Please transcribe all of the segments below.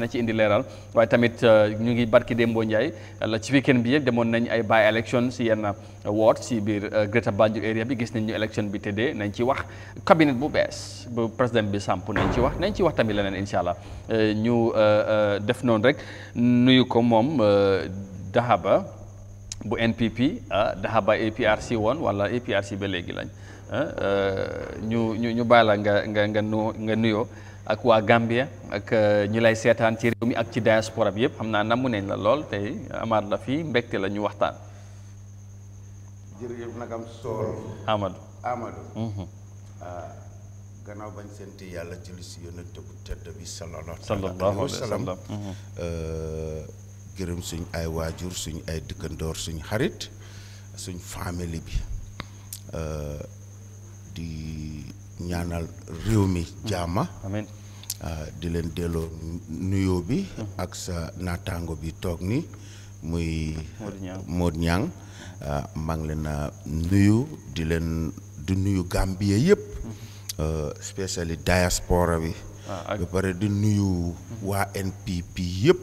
na ci indi leral way tamit euh, ñu ngi barki Dembo ndjay la ci weekend bi yëpp nañ ay by election si yenn ward si bir euh, Greater Banjul area bi gis nañ ñu election bi tëddee nañ ci wax cabinet bu bes, bu president bi samp nañ ci wax nañ ci wax tamit leneen inshallah allah euh, ñu def non rek nuyu ko mom Dahaba bu NPP ah, Dahaba APRC won wala APRC ba léegi lañ ah, ñu ñu bayla nga nga nga nuyo ak wa Gambia ak ñu lay sétane ci réew mi ak ci diaspora bi yépp xamna namu neñ la lool tay amad la fi mbégte la ñu waxtaan. jërëjëf nak nagam sool. Amadou Amadou. Mhm. Ah, ganaw bañ senti yalla ci lu ci yonent bu tedd bi sallallahu alayhi wa sallam. Euh, gërëm suñ ay wajur suñ ay dëkkandoor suñ xarit suñ famille bi euh, di. ñaanal réew mi jaama ah, di leen delloo nuyoo bi ak sa naataango bi toog ni muy Modou Niang ah, maa leen a nuyu di leen di nuyu Gambie yëpp ah, spécially diaspora bi ba pare di nuyu waa NPP yëpp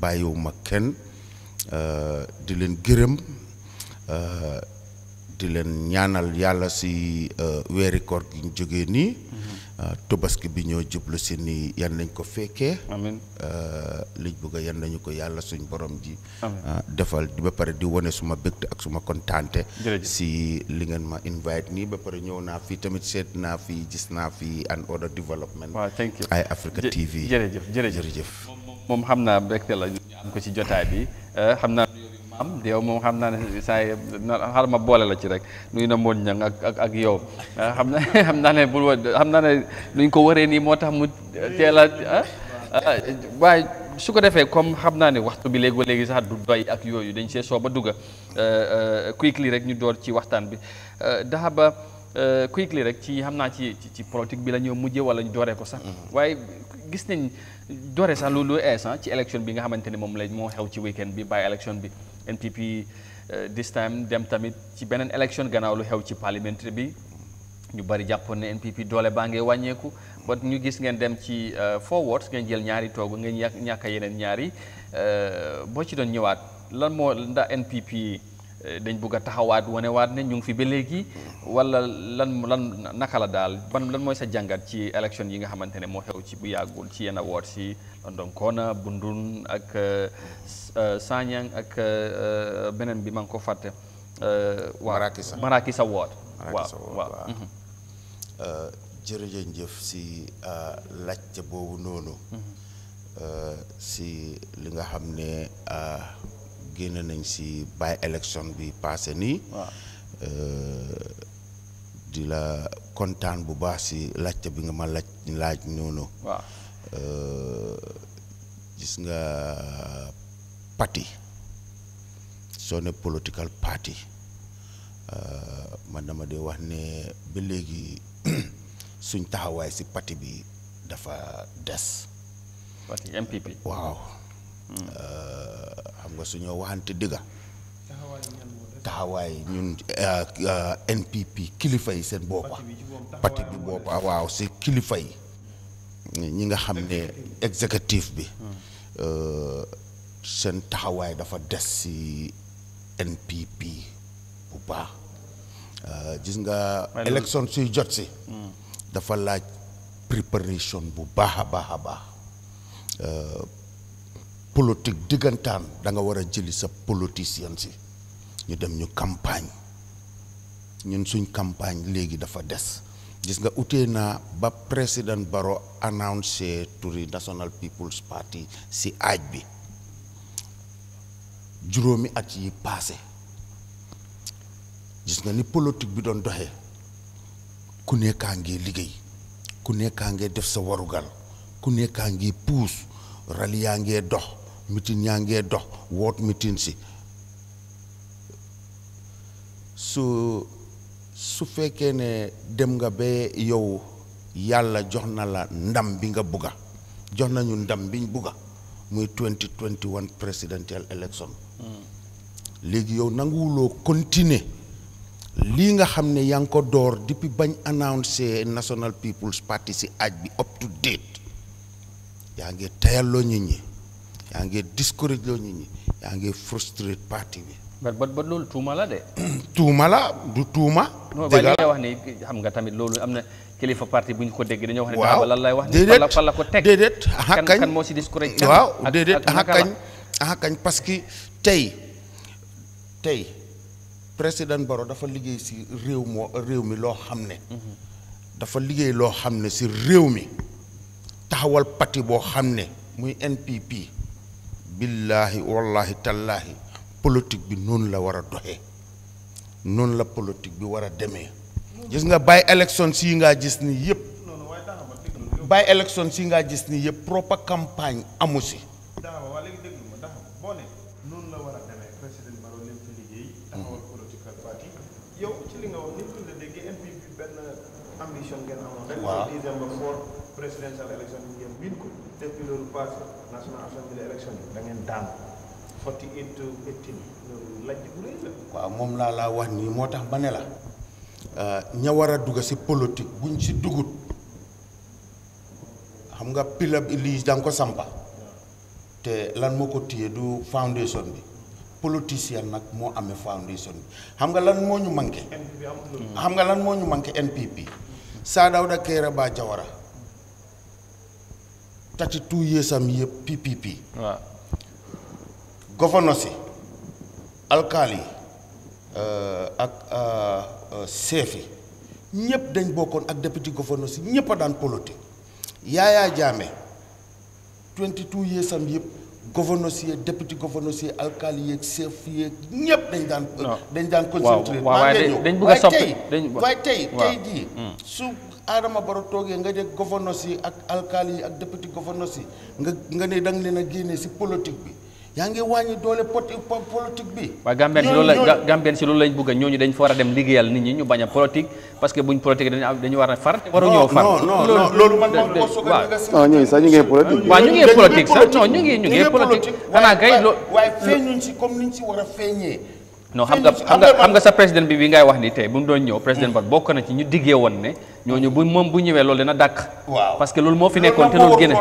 bàyyiwuma kenn di leen gërëm di len ñaanal yàlla si euh, wéri koor gi ñu jógee nii mm-hmm. euh, tobaski bi ñoo jublu ci ni yan nañ ko euh liñ bëgg yan nañ ko yalla suñu borom ji euh, defal di ba pare di woné suma bégte ak suma contenté si li ngeen ma invite ni ba paré ñëw na fi tamit sét na fi gis na fi an order development ay Africa TV jërëjëf jërëjëf moom xam naa bégte la ñu am ko ci jotaay bi euh xamna am yow moom xam naa ne saay yi xar ma boole la ci rek nuy na moon ñang ak ak ak yow ah, xam na xam naa ne bul xam naa ne nuñ ko waree nii moo tax mu teel a ah, ah, waaye su ko defee comme xam naa ne waxtu bi léegi léegi sax du doy ak yooyu dañ see sooba dugga eh, eh, quickly rek ñu door ci waxtaan bi daxa eh, Dahaba quickly rek ci xam naa ci ci politique bi la ñoo mujjee wala ñu dooree ko sax mm-hmm. waaye gis nañ doore sax lu lu ees ci élection bi nga xamante ne moom lañ moo xew ci weekend bi bàyyi bi NPP eh, this time dem tamit ci beneen élection gannaaw lu xew ci parliamentary bi ñu bari jàppoon ne NPP doole baa ngee wàññeeku ba ñu gis ngeen dem ci eh, forward ngeen jël ñaari toog ngeen ñàkk yeneen ñaari eh, boo ci doon ñëwaat lan moo ndax NPP dañ bugg a taxawaat wanewaat ne ñu ngi fi ba léegi walla lan lan naka la daal ban lan mooy sa jàngat ci élection yi nga xamante ne moo xew ci bu yàggul ci yenn woot si London Kona ak euh, euh, Sanyang ak euh, beneen bi ma ngi ko fàtte. waaw Marakisa Marakisa woot. Marakisa woot waaw si laajte boobu noonu. Mm-hmm. si li nga xam ne. génné nañ si by élection bi passé euh di la contane bu baax si lacc bi nga ma lacc laaj noonu. waaw euh, gis nga parti sonne political party euh, man dama di wax né ba légui suñ taxaway si parti bi dafa des. parti MPP Wow. Euh, xam nga suñoo waxante dëgga taxawaay ñun euh, euh, NPP kilifa yi seen boppa parti bi boppa waaw si kilifa yi ñi nga xam ne exécutif bi hmm. seen taxawaay dafa des si NPP bu baax gis nga élection suy jot si hmm. dafa laaj préparation bu baax a baax a baax Politik diggantaan da nga wara jëli sa politicien si ñu dem ñu campagne ñun suñ campagne légui dafa dess gis nga utee ba président baro annoncé turi National People's Party si aaj bi juróomi at yi passé gis nga ni politique bi doon doxé ku nekkaa ngi liggéey ku def sa warugal ku nekkaa ngi puus doh. Ya dox mitin yaa ngee dox woot mitin si su su fekkee ne dem nga ba yow yàlla jox na la ndam bi nga bugga jox nañu ndam biñ bugga muy 2021 presidential election léegi yow nanguwuloo continuer lii nga xam ne yaa ngi ko door depuis bañ annoncé National People's Party si aj bi up to date yaa ngi tayalloo nit ñi yaa ngi discourage loo nit ñi yaa ngi frustré parti bi. ba ba loolu tuuma la de. tuuma la du tuuma. dëgg la wax ni xam nga tamit loolu am na kilifa parti bu ñu ko dégg dañoo wax ne. waaw lan lay wax ni fan la ko teg déedéet kan kan moo si discourage. waaw déedéet ah kañ kañ parce que tey tey président Barrow dafa liggéey si réew moo réew mi loo xam ne. Mhm. dafa liggéey loo xam ne si réew mi taxawal parti boo xam ne muy NPP. billaahi wallaahi tallaahi politique bi noonu la war a doxee noonu la politique bi war a demee gis nga bàyyi élection sii ngaa gis ni yëpp bàyyi élection sii ngaa gis ni yëpp propre campagne amu si depuis loolu passé national assembly election yi da ngeen daan forty to 18 loolu lajj bu rëy la. waaw moom laa laa wax nii si politique buñ si dugut xam nga pila bi lii da nga ko sampa te lan moo ko du foundation bi politicien nag moo amee foundation bi xam nga lan moo ñu manqué. xam nga lan moo ñu NPP. Saa Dawda Kairaba Jawara. tati two years yëpp PPP. waaw gouverneurs yi alkaali yi euh, ak chef euh, euh, yi ñëpp dañ bokkoon ak député gouverneurs yi ñëpp a daan politique. Yaya Jammeh twenty two years am yëpp. gouverneurs yeeg député gouverneurs yeeg alkali yeeg chef yeeg ñëpp dañ daan. dañ daan concentré. maa ngi dañ bëgg a soppi dañ waaye tey tey jii. Hmm. su Adama Barrow toogee nga ne gouverneurs yi ak alkali yi ak député gouverneurs yi nga nga ne da leen a génne si politique bi. yaa ngi wàññi doole poti politique bi. waaw Gambien si loolu la Gambien si loolu lañ bëgg ñooñu dañ fa war a dem liggéeyal nit ñi ñu bañ a politique parce que buñ politique dañu dañu war a far. waruñoo far non non non loolu man man ko soog a non ñooñu sax ñu ngi politique. waaw ñu ngi politique sax non ñu ngi ñu ngi politique. xanaa kay loo waaye feeñuñ si comme niñ si war a feeñee. non xam nga xam nga xam nga sa président bi bi ngay wax ni tey bu mu doon ñëw président Ba bokk na ci ñu diggee woon ne ñooñu bu moom bu ñëwee loolu dina dàkk waaw parce que loolu moo fi nekkoon te loolu génn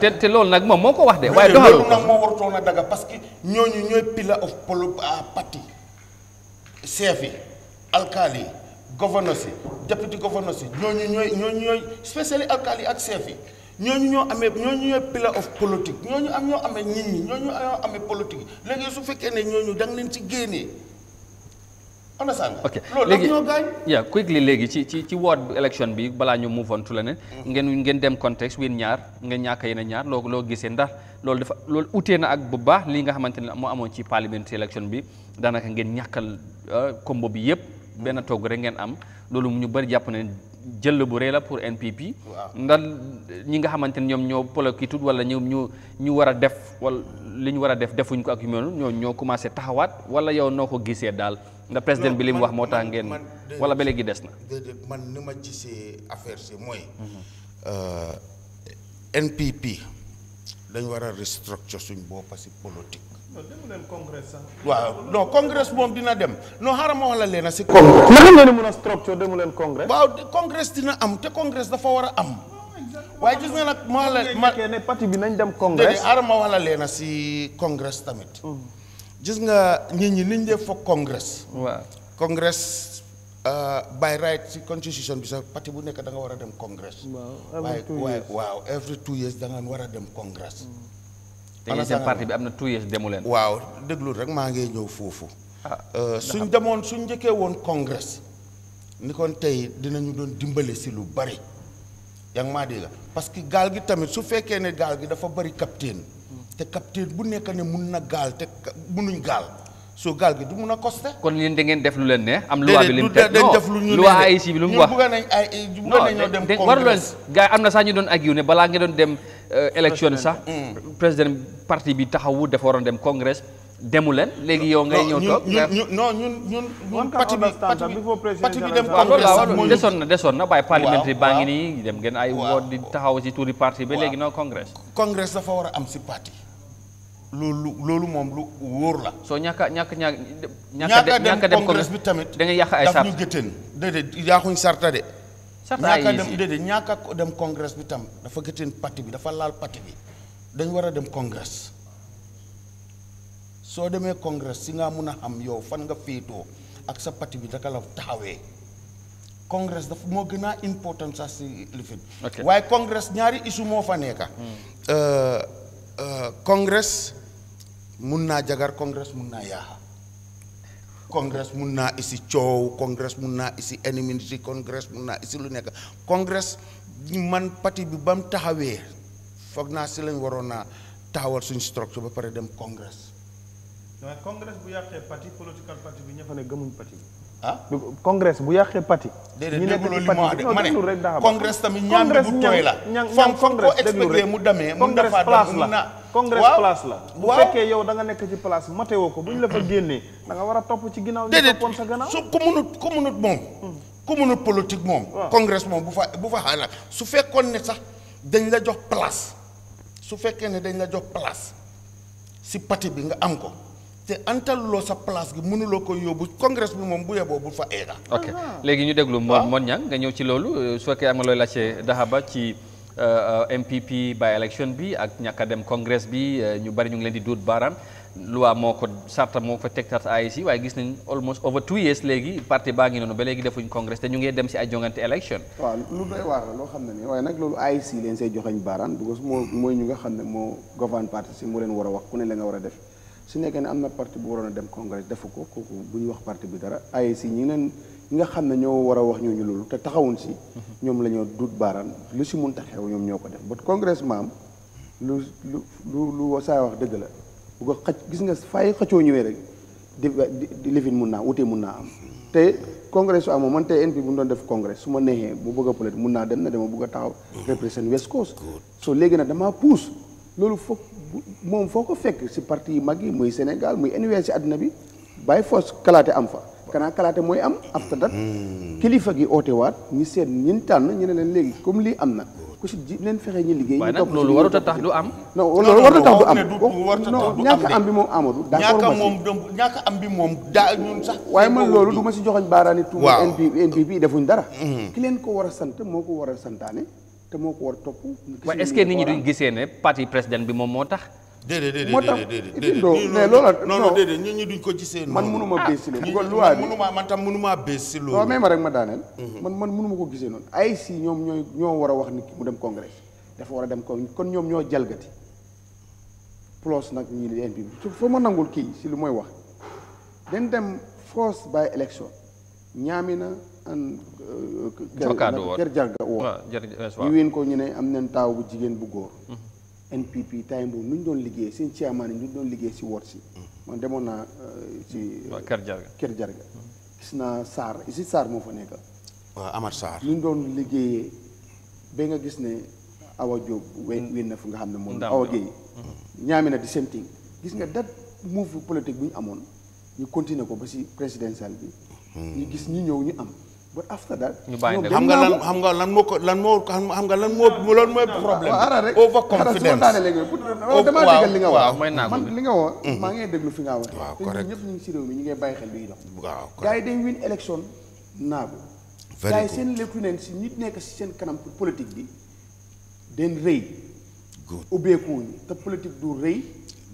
te te loolu nag moom moo ko wax de waaye doxalul ko moo warutoon a daga parce que ñooñu ñooy pillar of ah, parti chef yi alkaali yi gouverneurs yi député gouverneurs yi ñooñu ñooy ñooñu ñooy spécially alkaali ak chef ñooñu ñoo amee ñooñu ñooy pillar of politique am ñoo amee nit ñi ñooñu ñoo amee politique léegi su fekkee ne ñooñu da nga leen ci génnee Oke. ok léegi ñoo gaañ yaa quickly léegi ci ci ci ward election bi balaa ñu move on tu leneen hmm. ngeen ngeen dem contexte ween ñaar ngeen ñàkk yeneen ñaar loo loo gisee ndax loolu dafa loolu utee na ak bu baax li nga xamante ne moo ci parliamentary election bi daanaka ngeen ñàkkal euh, combo bi yëpp hmm. benn togg rek ngeen am loolu ñu bëri jàpp ne jël bu rëy pour NPP. ndax ñi nga xamante ne ñoom ñoo polokitut wala ñu ñu ñu war a def wala li ñu war a def defuñ ko ak yu mel ñoo ñoo commencé taxawaat wala yow noo gisee daal Nda president bi lim wax moo tax ngeen wala ba legui dess na man ni ci ci affaire moy mhm. euh npp dañ wara restructure suñ bo passé politique waaw non congrès mom dina dem non xaaral wala lena la si congrès naka ngeen mën structure demu leen congrès waaw congrès dina am te congrès dafa war a am waaye gis nga nag mo wax la ma ne parti bi nañ dem congrès xaaral wala lena si congrès tamit mhm gis nga nit ñi niñ def congress congress euh, by right ci constitution bi sax parti bu nekk da nga war a dem congress every two years da nga war dem congress mm. te yéen seen parti bi am na two years demu leen waaw déglu rek maa ngi ñëw foofu ah, euh, suñ demoon suñ njëkkee woon congress ni kon tey dinañu doon dimbale si lu bari yang ngi maa la parce que gaal gi tamit su fekkee ne gaal gi dafa bari capitaine te capteur bu nekk ne mun na gaal te munuñ gaal soo gaal gi du mun a costé. kon leen da ngeen def lu leen ne am loi bi lim teg non loi bi lu mu wax. ñu bëgg nañ ay bëgg nañoo dem. congrès waru leen gars am na sax ñu doon ak yu ne balaa nga doon dem. Euh, élection sax. Hmm. président parti bi taxawu dafa waroon dem congrès demu leen léegi yow ngay ñëw toog. non ñun ñun ñun parti bi baa ngi nii dem ngeen ay. waaw di taxaw si tuuri parti léegi non congrès. congrès dafa war a am si parti. loolu loolu moom lu wóor la. So nyaka nyaka nyaka nyaka dem ñàkk dem congrès bi tamit. da nga yàq ay sart daf ñu gëtën Nyaka yaaxuñ sarta de. sarta ay dem déedéet ñàkk a dem congrès bi tam dafa gëtën parti bi dafa laal parti bi dañ war dem congrès soo demee congrès si nga mun a xam yow fan nga féetoo ak sa parti bi daka la taxawee congrès dafa moo gën a important sax si lifin waaye congrès ñaari issue moo fa nekka congrès hmm. eh, eh, muna jagar Kongres muna naa ya. kongres muna isi chow Kongres muna isi enmity congress kongres muna isi lu nek Kongres man pati bi bam taxawé fogna ci lañ warona tawal suñ structure ba paré dem kongres mais nah, kongres bu yaxé parti political parti bi ñafa né gëmuñ parti ah congress bu yaxé parti déedéet nek li ma de oh, ma ne tamit ñaam bu toy la fam fam ko expliquer mu démé mu dafa dam congrès place la bu fekkee yow danga nekk ci place matéo ko bu ñu la fa génnee danga war a topp ci ginnaaw ñu toppoon sa gannaaw su ku munut ku munut moom ku munut politique moom congrès moom bu fa bu fa xaala su fekkoon ne sax dañ la jox place su fekkee ne dañ la jox place si parti bi nga am ko te antaluloo sa place gi mënuloo ko yóbbu congrès bi moom bu yeboo bu fa eeda ok léegi ñu déglu moon moon ñang nga ñëw ci loolu su fekkee am nga looy laajte Dahaba ci Euh, euh, MPP by election bi ak ñàkk a dem congress bi euh, ñu bari ñu ngi leen di duut baaraam loi moo ko sarta moo fa teg sarta IEC waaye gis nañ almost over two years léegi parti baa ngi noonu ba léegi defuñ congress te ñu ngee dem si ay jongante election waaw lu doy waar la loo xam ne nii waaye nag loolu IEC leen say joxañ baaraam because moo mooy ñu nga xam ne moo govern parti si mu leen war a wax ku ne leen nga war a def su nekkee ne am na parti bu waroon a dem congress defu ko kooku ñu wax parti bi dara IEC ñi ngi leen nga xam ne ñoo war a wax ñooñu loolu te taxawuñ si ñoom la ñoo dut baaraan lu si munta xew ñoom ñoo ko def but congrès maam lu lu lu lu saa wax dëgg la bu ko xaj gis nga fay xëccoo ñëwee rek di di lifin mun naa wutee mun naa am te congrès su amoo man tey NP bu doon def congrès su ma neexee mu bëgg a peut mun naa dem na dama bëgg a taxaw represent West Coast so léegi nag dama puus loolu foog moom foo ko fekk si parti yi mag yi muy Sénégal muy anywhere si àddina bi bàyyi force kalaate am fa kanaa kalaate mooy am mm-hmm. afta dat mm-hmm. kilifa gi oote waat ñu seet ñin tànn ñu ne leen léegi comme lii am na mm-hmm. ku si ji leen fexe ñu liggéey ñu topp loolu warut a tax du am non loolu warut a tax du am non ñàkk bi moom Amadou d'accord moom ñàkk am bi moom daa ñun sax waaye man loolu du ma si joxoñ baaraani tuuma NPP defuñ dara ki leen ko war a sant moo ko war a santaane te moo ko war a topp waaye est-ce que nit ñi duñ gisee ne parti président bi moom moo tax dede dede dede dede dede dede dede non non déedéet ñu ñu duñ ko gisee man mënuma ah, bées si loolu bu ko loi bi mënuma man tam mënuma bées si loolu waaw mais ma rek ma daaneel mhm. man man mënuma ko gisee noonu ay si ñoom ñooy ñoo war a wax nit ki mu dem congrès dafa war a dem ko kon ñoom ñoo jalgati plus nag ñii li NPP bi foo ma nangul kii si lu mooy wax dañ dem force by election ñaami na an euh, kër jarga woo ah, ñu win ko ñu ne am nañ taaw bu jigéen bu góor mhm. NPP time boobu nu ñu doon liggéey seen chairman yi ñu doon liggéey si woot si mm. man demoon naa ci euh, euh, Kër Jarga gis naa Sarr si Sarr moo fa nekk waaw Amar Sarr ñu doon liggéeyee ba nga gis ne Awa Diop wén mm. na fu nga xam ne moom Awa Gueye mm. ñaame na di same thing gis nga dat move politique bu ñu amoon ñu continuer ko ba si présidentielle bi ñu gis ñi ñëw ñu am but after ñu bàyyi ne xam nga lan xam nga lan moo ko lan moo xam nga lan moo ah. lan mooy problème. over confidence waaw léegi oh, damaa déggal li nga wax. man li nga wax. Mm-hmm. maa ngi déglu fi nga wax. waaw correct ñëpp ñu si réew mi ñu ngi bàyyi xel luy dox. waaw correct gars yi dañ win élection naagu. very gars yi seen lekku neen si nit nekk si seen kanam pour bi den rëy. good ubbeeku te politique du rëy.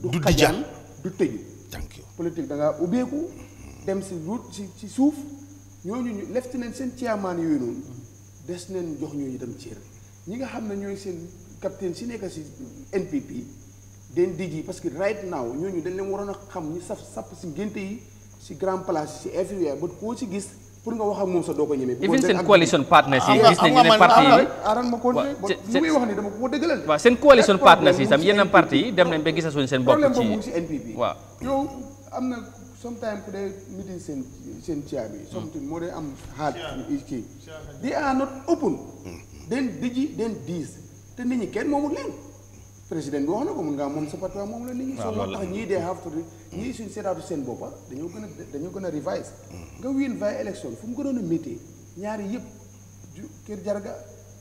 du dijaan du tëju. thank you politique ubbeeku mm-hmm. dem si ruut si suuf. ñooñu ñu lefti neen seen chairman yooyu noonu des nañ jox ñooñu itam cër ñi nga xam ne ñooy seen capitaine si nekk si NPP den dij yi que right ñooñu dañ leen a xam ñu saf sapp yi si grand place si everywhere ba koo si gis pour nga wax ak moom seen coalition partners yi gis nañu seen coalition tam yeneen parti yi nañ ba gisasuñu seen bopp ci problème boobu si NPP waaw na sometimes ku dee meeting seen seen caabi something moo dee am hard kii they are not open den digi den diis te nit ñi kenn moomul leen président bi wax na ko mun ngaa moom sa patwa moom la nit ñi so moo tax ñii dee have to ñii suñ seetaatu seen boppa dañoo gën a dañoo gën a revise nga win via élection fu mu gënoon a méttee ñaari yëpp kër jarga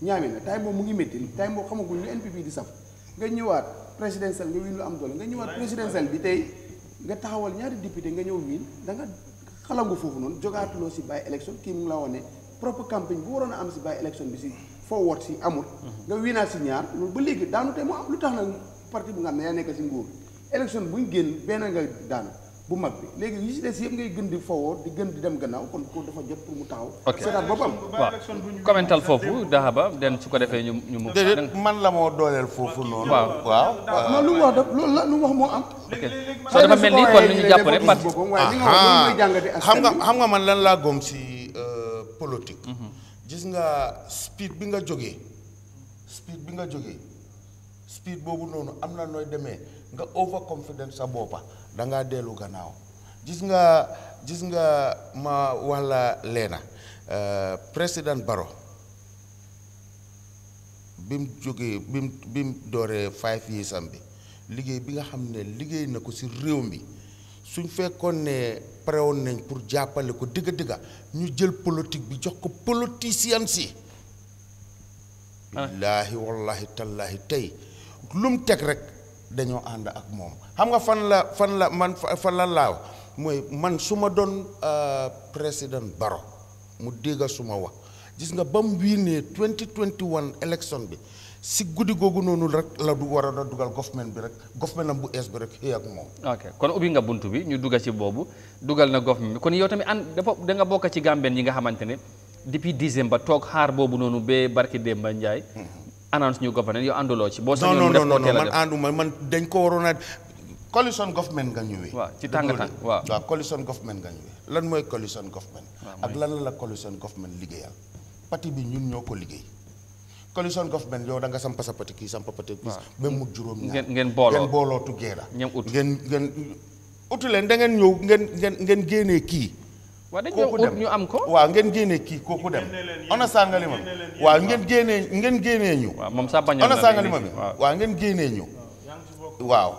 ñaame na time boobu mu ngi métti time boobu xamaguñ lu NPP di saf nga ñëwaat présidentiel nga win lu am doole nga tey nga taxawal ñaari député nga ñëw wiin da nga xalangu foofu noonu jogaatuloo si bàyyi élection kii mu la woon ne propre campagne bu waroon a am si bàyyi élection bi si foo woot si amul. nga wiinaat si ñaar loolu ba léegi daanu tey am lu tax nag parti bu nga xam ne yaa nekk si nguur élection bu ñu génn benn nga daanu. bu mag bi léegi nii si des yëpp ngay gën di fowoo di gën di dem gannaaw kon ko dafa jot pour mu taxaw. ok seetaat boppam waaw commental foofu ba den su ko defee ñu ñu. déedéet man la moo dooleel foofu noonu. waaw waaw non lu wax daf la lu mu wax moo am. ok soo dafa mel ni kon ñu jàpp rek parti. xam nga xam nga man lan laa gom si euh, politique. Mhm. gis nga speed bi nga jógee. speed bi nga jógee. speed boobu noonu am na nooy demee nga overconfident sa boppa da dellu gannaaw gis nga gis nga ma walla leena euh, président baro bi mu jógee bi mu bi mu dooree five years am bi liggéey bi nga xam ne liggéey na ko si réew mi suñ fekkoon ne pare nañ pour jàppale ko dëgga dëgga ñu jël politique bi jox ko politiciens si ah. billaahi wallahi tallahi tey lum tek rek dañoo ànd ak moom xam nga fan la fan la man fan la laaw mooy man suma ma doon euh, président baro mu dégga suma wax gis nga ba mu wiinee 2021 election bi si guddi googu noonu rek la du war a dugal government bi rek government am bu ees bi rek xëy ak moom ok kon ubbi nga buntu bi ñu dugal ci boobu dugal na government bi kon yow tamit an dafa da nga bokk ci gambeen yi nga xamante ne depuis ba toog xaar boobu noonu ba barki démba njaay announce new government yow ànduloo ci. boo sañoon mu def non non man ànduma man dañ ko waroon a. coalition government nga ñëwee. waaw ci tàng tàng waaw waaw coalition government nga ñëwee lan mooy coalition government. ak lan la la coalition government liggéeyal. parti bi ñun ñoo ko liggéey. coalition government yow da nga samp sa parti kii samp parti kii. ba mu juróom ñaar ngeen booloo ngeen booloo tuggee la. ngeen ngeen utu leen da ngeen ñëw ngeen ngeen ngeen génnee kii. waaw dañ kooku dem ñu am ko. waaw ngeen génnee kii kooku dem. onasaan nga li ma waaw ngeen génnee ngeen génnee ñu. waaw moom sax bañoon na onasaan nga li ma waaw ngeen génnee ñu waaw.